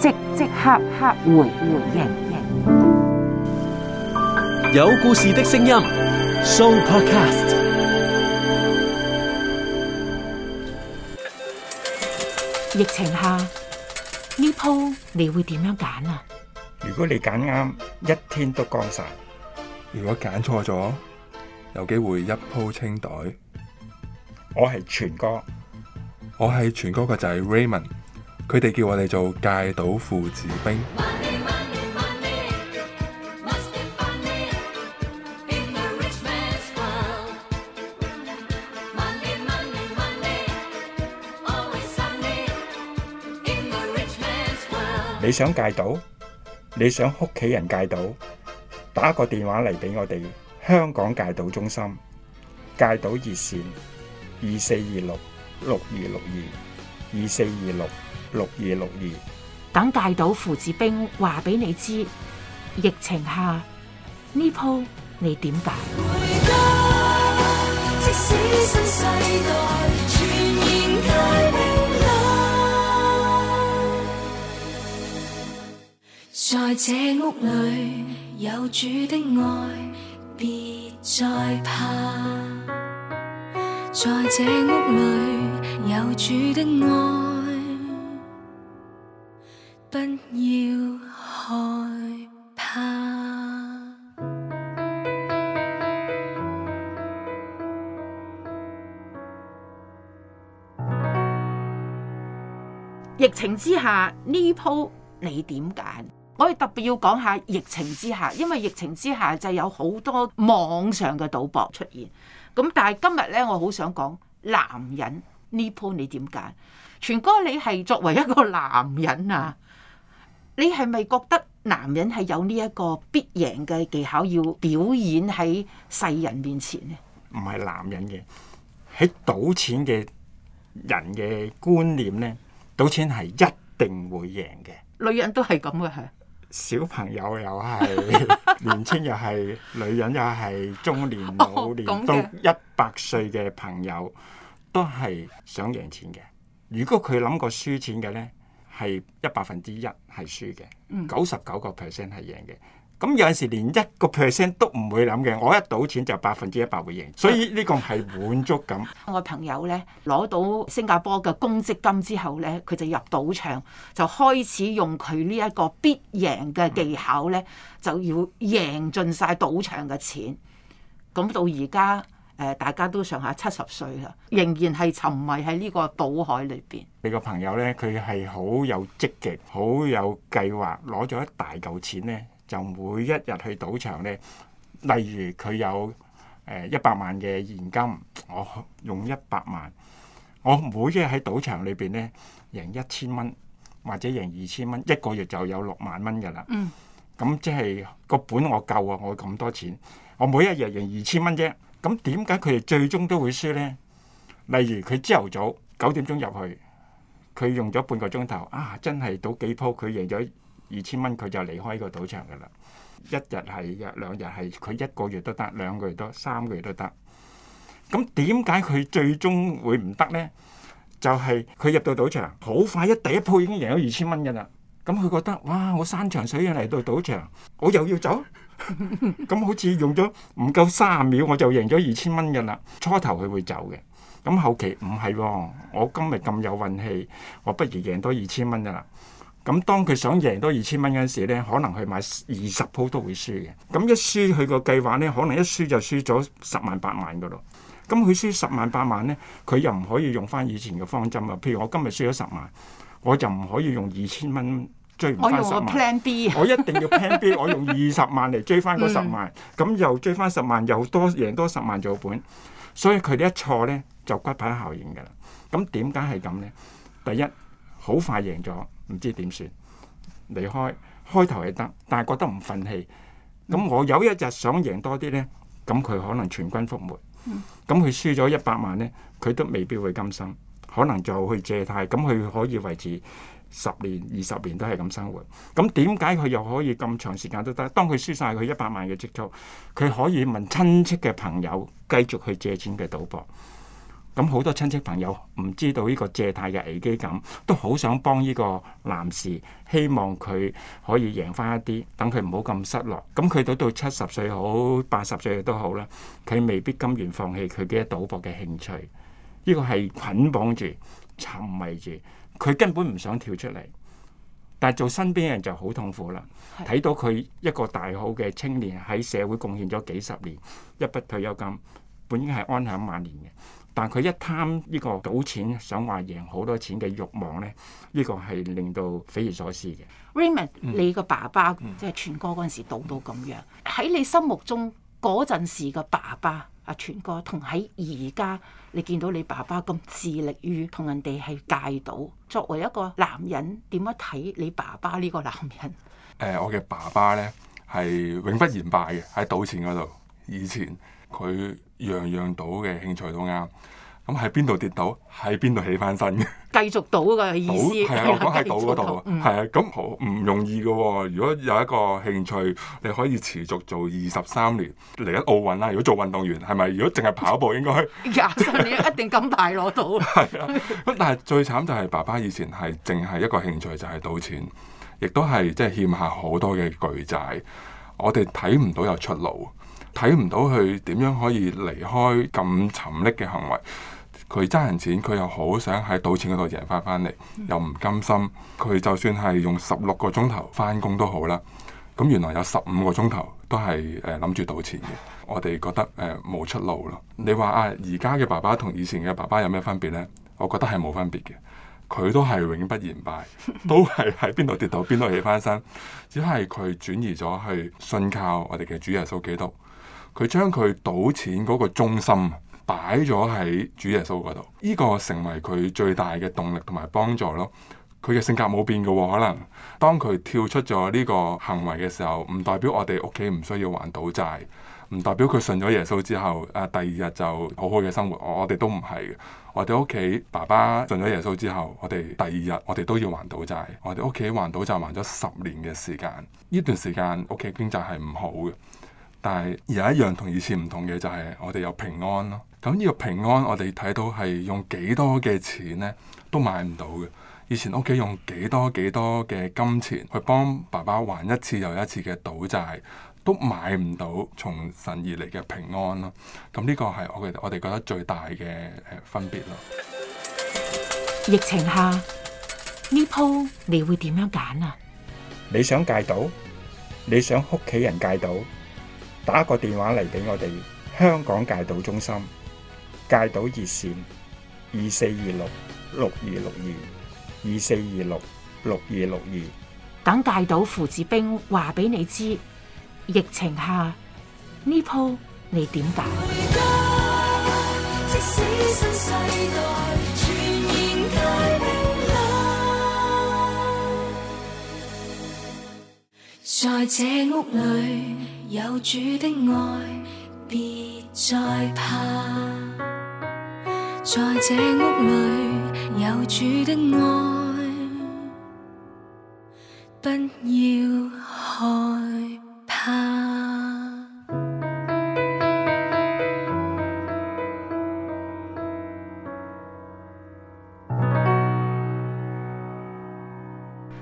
即即刻刻回回應，有故事的聲音，Show Podcast。疫情下呢鋪你會點樣揀啊？如果你揀啱，一天都干晒；如果揀錯咗，有機會一鋪清袋。我係全哥，我係全哥個仔 Raymond。佢哋叫我哋做戒賭父子兵。你想戒賭？你想屋企人戒賭？打個電話嚟俾我哋香港戒賭中心戒賭熱線二四二六六二六二二四二六，六二六二，等大賭父子兵話俾你知，疫情下呢鋪你點辦？回家，即使新世代，全然太平。在這屋裏有主的愛，別再怕。在這屋裏有主的愛。不要害怕。疫情之下呢鋪你點揀？我哋特別要講下疫情之下，因為疫情之下就有好多網上嘅賭博出現。咁但係今日呢，我好想講，男人呢鋪你點揀？全哥，你係作為一個男人啊？你係咪覺得男人係有呢一個必贏嘅技巧要表演喺世人面前咧？唔係男人嘅，喺賭錢嘅人嘅觀念呢，賭錢係一定會贏嘅 。女人都係咁嘅，係。小朋友又係，年輕又係，女人又係，中年、老年都。一百歲嘅朋友，都係想贏錢嘅。如果佢諗過輸錢嘅呢？係一百分之一係輸嘅，九十九個 percent 係贏嘅。咁有陣時連一個 percent 都唔會諗嘅。我一賭錢就百分之一百會贏，所以呢個係滿足感。 我朋友呢，攞到新加坡嘅公積金之後呢，佢就入賭場就開始用佢呢一個必贏嘅技巧呢，就要贏盡晒賭場嘅錢。咁到而家。誒，大家都上下七十歲啦，仍然係沉迷喺呢個賭海裏邊。你個朋友呢，佢係好有積極，好有計劃，攞咗一大嚿錢呢，就每一日去賭場呢。例如佢有呃一百萬嘅現金，我用一百萬，我每一日喺賭場裏邊呢，贏一千蚊，或者贏二千蚊，一個月就有六萬蚊㗎喇。嗯，咁即係個本我夠啊！我咁多錢，我每一日贏二千蚊啫。咁點解佢哋最終都會輸呢？例如佢朝頭早九點鐘入去，佢用咗半個鐘頭，啊，真係賭幾鋪，佢贏咗二千蚊，佢就離開個賭場噶啦。一日係、兩日係，佢一個月都得，兩個月都，三個月都得。咁點解佢最終會唔得呢？就係，佢入到賭場，好快一第一鋪已經贏咗二千蚊噶啦。咁佢覺得，哇！我山長水遠嚟到賭場，我又要走。咁 好似用咗唔夠三十秒，我就贏咗二千蚊噶啦。初頭佢會走嘅，咁後期唔係喎。我今日咁有運氣，我不如贏多二千蚊噶啦。咁當佢想贏多二千蚊嗰陣時呢，可能佢買二十鋪都會輸嘅。咁一輸佢個計劃呢，可能一輸就輸咗十萬八萬噶咯。咁佢輸十萬八萬呢，佢又唔可以用翻以前嘅方針啊。譬如我今日輸咗十萬，我就唔可以用二千蚊。追唔翻十萬，我一定要 plan B。我用二十萬嚟追翻嗰十萬，咁又追翻十萬，又多贏多十萬做本。所以佢哋一錯呢，就骨牌效應㗎喇。咁點解係咁呢？第一，好快贏咗，唔知點算，離開。開頭係得，但係覺得唔憤氣。咁我有一日想贏多啲呢，咁佢可能全軍覆沒。咁佢輸咗一百萬呢，佢都未必會甘心，可能就去借貸，咁佢可以維持。十年、二十年都係咁生活，咁點解佢又可以咁長時間都得？當佢輸晒佢一百萬嘅積蓄，佢可以問親戚嘅朋友繼續去借錢嘅賭博。咁好多親戚朋友唔知道呢個借貸嘅危機感，都好想幫呢個男士，希望佢可以贏翻一啲，等佢唔好咁失落。咁佢到到七十歲好，八十歲都好啦，佢未必甘願放棄佢嘅賭博嘅興趣。呢個係捆綁住。沉迷住，佢根本唔想跳出嚟。但係做身邊人就好痛苦啦，睇是到佢一個大好嘅青年喺社會貢獻咗幾十年，一筆退休金本應係安享晚年嘅，但佢一貪呢個賭錢，想話贏好多錢嘅欲望咧，呢、呢個係令到匪夷所思嘅。Raymond，、嗯、你個爸爸即係、嗯、全哥嗰陣時賭到咁樣，喺、嗯、你心目中嗰陣時嘅爸爸阿全哥同喺而家。你見到你爸爸咁致力於同人哋係戒賭，作為一個男人，點樣睇你爸爸呢個男人？誒、呃，我嘅爸爸呢，係永不言敗嘅喺賭錢嗰度。以前佢樣樣賭嘅興趣都啱。咁喺邊度跌倒，喺邊度起翻身嘅。繼續賭嘅意思。係啊，我講喺賭嗰度，係啊，咁好唔容易嘅喎、哦。如果有一個興趣，你可以持續做二十三年嚟得奧運啦。如果做運動員係咪？如果淨係跑步，應該廿三 年 一定咁大攞到。係 啊，咁但係最慘就係爸爸以前係淨係一個興趣就係賭錢，亦都係即係欠下好多嘅巨債。我哋睇唔到有出路，睇唔到佢點樣可以離開咁沉溺嘅行為。佢爭人錢，佢又好想喺賭錢嗰度贏翻翻嚟，又唔甘心。佢就算係用十六個鐘頭翻工都好啦，咁原來有十五個鐘頭都係誒諗住賭錢嘅。我哋覺得冇出路咯。你話啊，而家嘅爸爸同以前嘅爸爸有咩分別呢？我覺得係冇分別嘅。佢都係永不言敗，都係喺邊度跌倒，邊度起翻身。只係佢轉移咗去信靠我哋嘅主耶穌基督。佢將佢賭錢嗰個中心。擺咗喺主耶穌嗰度，呢個成為佢最大嘅動力同埋幫助咯。佢嘅性格冇變嘅。哦，可能當佢跳出咗呢個行為嘅時候，唔代表我哋屋企唔需要還賭債，唔代表佢信咗耶穌之後啊，第二日就好好嘅生活。我哋都唔係嘅，我哋屋企爸爸信咗耶穌之後，我哋第二日我哋都要還賭債。我哋屋企還賭債還咗十年嘅時間，呢段時間屋企經濟係唔好嘅，但係有一樣同以前唔同嘅就係我哋有平安咯。咁呢個平安我哋睇到係用幾多嘅錢呢？都買唔到嘅。以前屋企用幾多幾多嘅金錢去幫爸爸還一次又一次嘅賭債，都買唔到從神而嚟嘅平安咯。咁呢個係我我哋覺得最大嘅分別咯。疫情下呢鋪你會點樣揀啊你？你想戒賭？你想屋企人戒賭？打個電話嚟俾我哋香港戒賭中心。戒賭熱線：二四二六六二六二，二四二六六二六二。等戒賭父子兵話俾你知，疫情下呢鋪你點打？在這屋裏有主的愛，別再怕。在這屋裏有主的愛，不要害怕。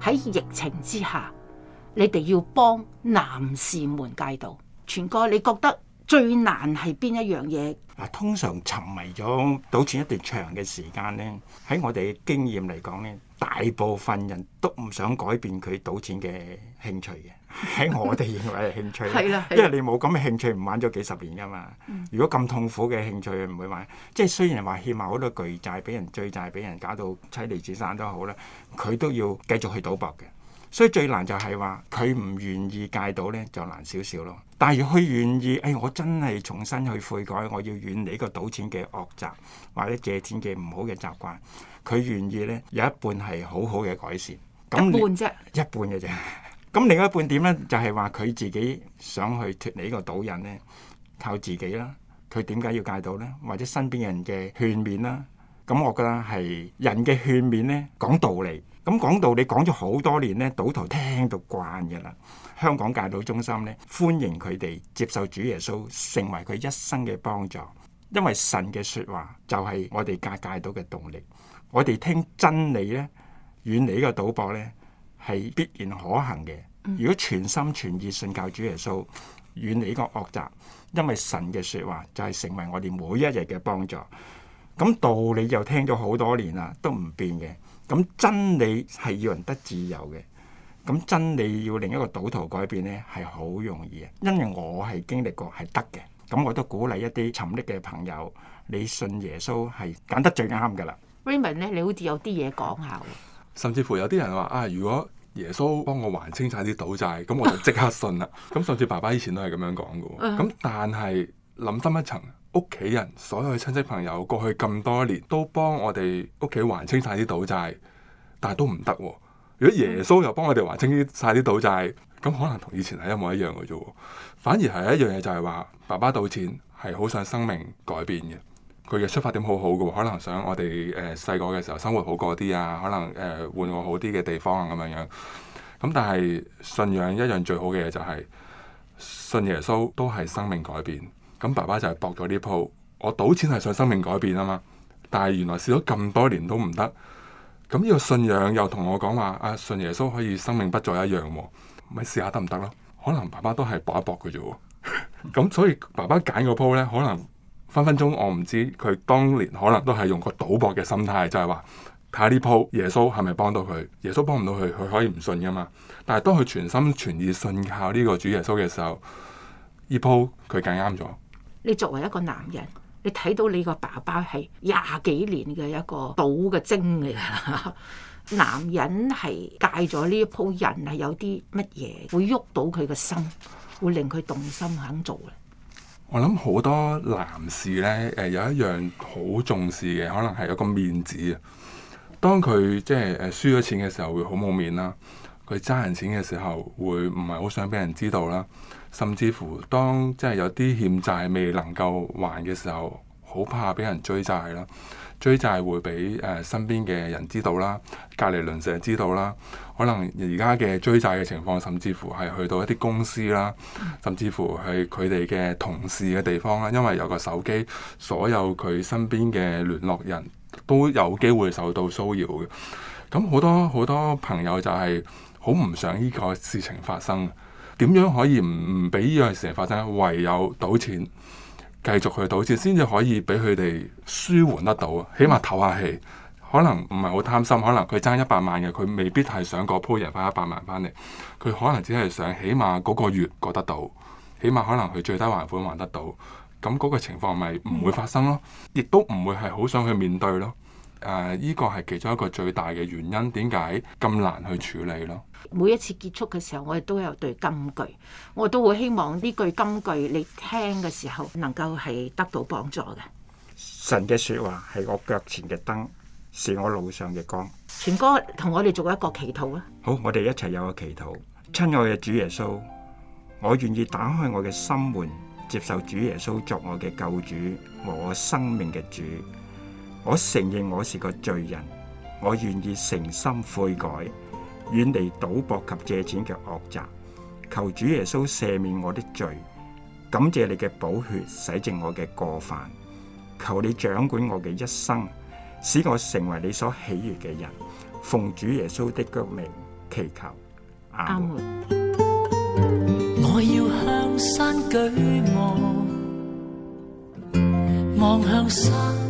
喺疫情之下，你哋要幫男士門街道，全哥，你覺得？最難係邊一樣嘢？嗱，通常沉迷咗賭錢一段長嘅時間呢，喺我哋經驗嚟講呢，大部分人都唔想改變佢賭錢嘅興趣嘅。喺我哋認為係興， 興趣，係啦，因為你冇咁嘅興趣唔玩咗幾十年噶嘛。如果咁痛苦嘅興趣唔會玩，即係雖然話欠埋好多巨債，俾人追債，俾人搞到妻離子散都好啦，佢都要繼續去賭博嘅。所以最難就係話佢唔願意戒賭呢，就難少少咯。但係佢願意，誒、哎、我真係重新去悔改，我要遠離呢個賭錢嘅惡習，或者借錢嘅唔好嘅習慣，佢願意呢，有一半係好好嘅改善。咁一半啫，一半嘅啫。咁 另外一半點呢？就係話佢自己想去脫離呢個賭癮呢，靠自己啦。佢點解要戒賭呢？或者身邊人嘅勸勉啦。咁我覺得係人嘅勸勉呢，講道理。咁講道理講咗好多年呢，賭徒聽到慣嘅啦。香港戒賭中心呢，歡迎佢哋接受主耶穌成為佢一生嘅幫助。因為神嘅説話就係我哋戒戒賭嘅動力。我哋聽真理呢，遠離呢個賭博呢，係必然可行嘅。如果全心全意信教主耶穌，遠離呢個惡習，因為神嘅説話就係成為我哋每一日嘅幫助。咁道理又聽咗好多年啦，都唔變嘅。咁真理係要人得自由嘅，咁真理要令一個賭徒改變呢，係好容易嘅，因為我係經歷過係得嘅，咁我都鼓勵一啲沉溺嘅朋友，你信耶穌係揀得最啱噶啦。Raymond 咧你好似有啲嘢講下。甚至乎有啲人話啊，如果耶穌幫我還清晒啲賭債，咁我就即刻信啦。咁上次爸爸以前都係咁樣講噶喎，咁 但係諗深一層。屋企人所有親戚朋友過去咁多年都幫我哋屋企還清晒啲賭債，但係都唔得喎。如果耶穌又幫我哋還清晒啲賭債，咁可能同以前係一模一樣嘅啫喎。反而係一樣嘢，就係話，爸爸賭錢係好想生命改變嘅，佢嘅出發點好好嘅，可能想我哋誒細個嘅時候生活好過啲啊，可能誒換個好啲嘅地方啊咁樣樣。咁但係信仰一樣最好嘅嘢就係信耶穌都係生命改變。咁爸爸就係搏咗呢鋪，我賭錢係想生命改變啊嘛，但係原來試咗咁多年都唔得，咁呢個信仰又同我講話啊，信耶穌可以生命不再一樣喎，咪試下得唔得咯？可能爸爸都係搏一搏嘅啫，咁所以爸爸揀個鋪咧，可能分分鐘我唔知佢當年可能都係用個賭博嘅心態，就係話睇下呢鋪耶穌係咪幫到佢？耶穌幫唔到佢，佢可以唔信噶嘛？但係當佢全心全意信靠呢個主耶穌嘅時候，呢鋪佢揀啱咗。你作為一個男人，你睇到你個爸爸係廿幾年嘅一個賭嘅精嚟噶。 男人係戒咗呢一鋪，人係有啲乜嘢會喐到佢嘅心，會令佢動心肯做嘅。我諗好多男士呢，誒有一樣好重視嘅，可能係有個面子啊。當佢即係誒輸咗錢嘅時候會好冇面啦，佢爭人錢嘅時候會唔係好想俾人知道啦。甚至乎當即係有啲欠債未能夠還嘅時候，好怕俾人追債啦。追債會俾誒身邊嘅人知道啦，隔離鄰舍知道啦。可能而家嘅追債嘅情況，甚至乎係去到一啲公司啦，甚至乎係佢哋嘅同事嘅地方啦。因為有個手機，所有佢身邊嘅聯絡人都有機會受到騷擾嘅。咁好多好多朋友就係好唔想呢個事情發生。點樣可以唔唔俾呢樣事情發生？唯有賭錢，繼續去賭錢，先至可以俾佢哋舒緩得到。起碼唞下氣，可能唔係好貪心，可能佢爭一百萬嘅，佢未必係想嗰鋪贏翻一百萬返嚟。佢可能只係想，起碼嗰個月過得到，起碼可能佢最低還款還得到。咁嗰個情況咪唔會發生咯，亦都唔會係好想去面對咯。誒，呢、啊這個係其中一個最大嘅原因，點解咁難去處理咯？每一次結束嘅時候，我哋都有對金句，我都會希望呢句金句你聽嘅時候，能夠係得到幫助嘅。神嘅說話係我腳前嘅燈，是我路上嘅光。全哥同我哋做一個祈禱啦。好，我哋一齊有個祈禱。親愛嘅主耶穌，我願意打開我嘅心門，接受主耶穌作我嘅救主和我生命嘅主。我承認我是個罪人，我願意誠心悔改，遠離賭博及借錢嘅惡習，求主耶穌赦免我的罪，感謝你嘅寶血洗淨我嘅過犯，求你掌管我嘅一生，使我成為你所喜悅嘅人，奉主耶穌的名祈求，阿門。我要向山舉望，望向山。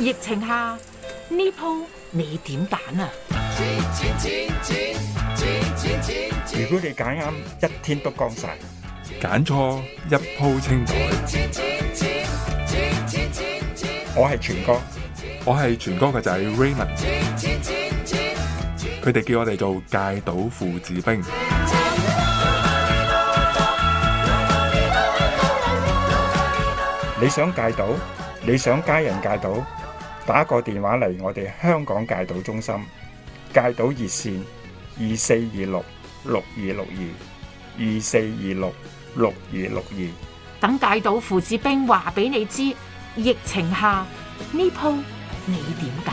疫情下呢鋪你點揀啊？如果你揀啱，一天都光晒；揀錯一鋪清袋。我係全哥，我係全哥個仔 Raymond，佢哋叫我哋做戒賭父子兵。你想戒賭？你想家人戒賭？打個電話嚟我哋香港戒賭中心，戒賭熱線二四二六六二六二二四二六六二六二，26, 26 2, 26, 26，等戒賭父子兵話俾你知，疫情下呢鋪你點解？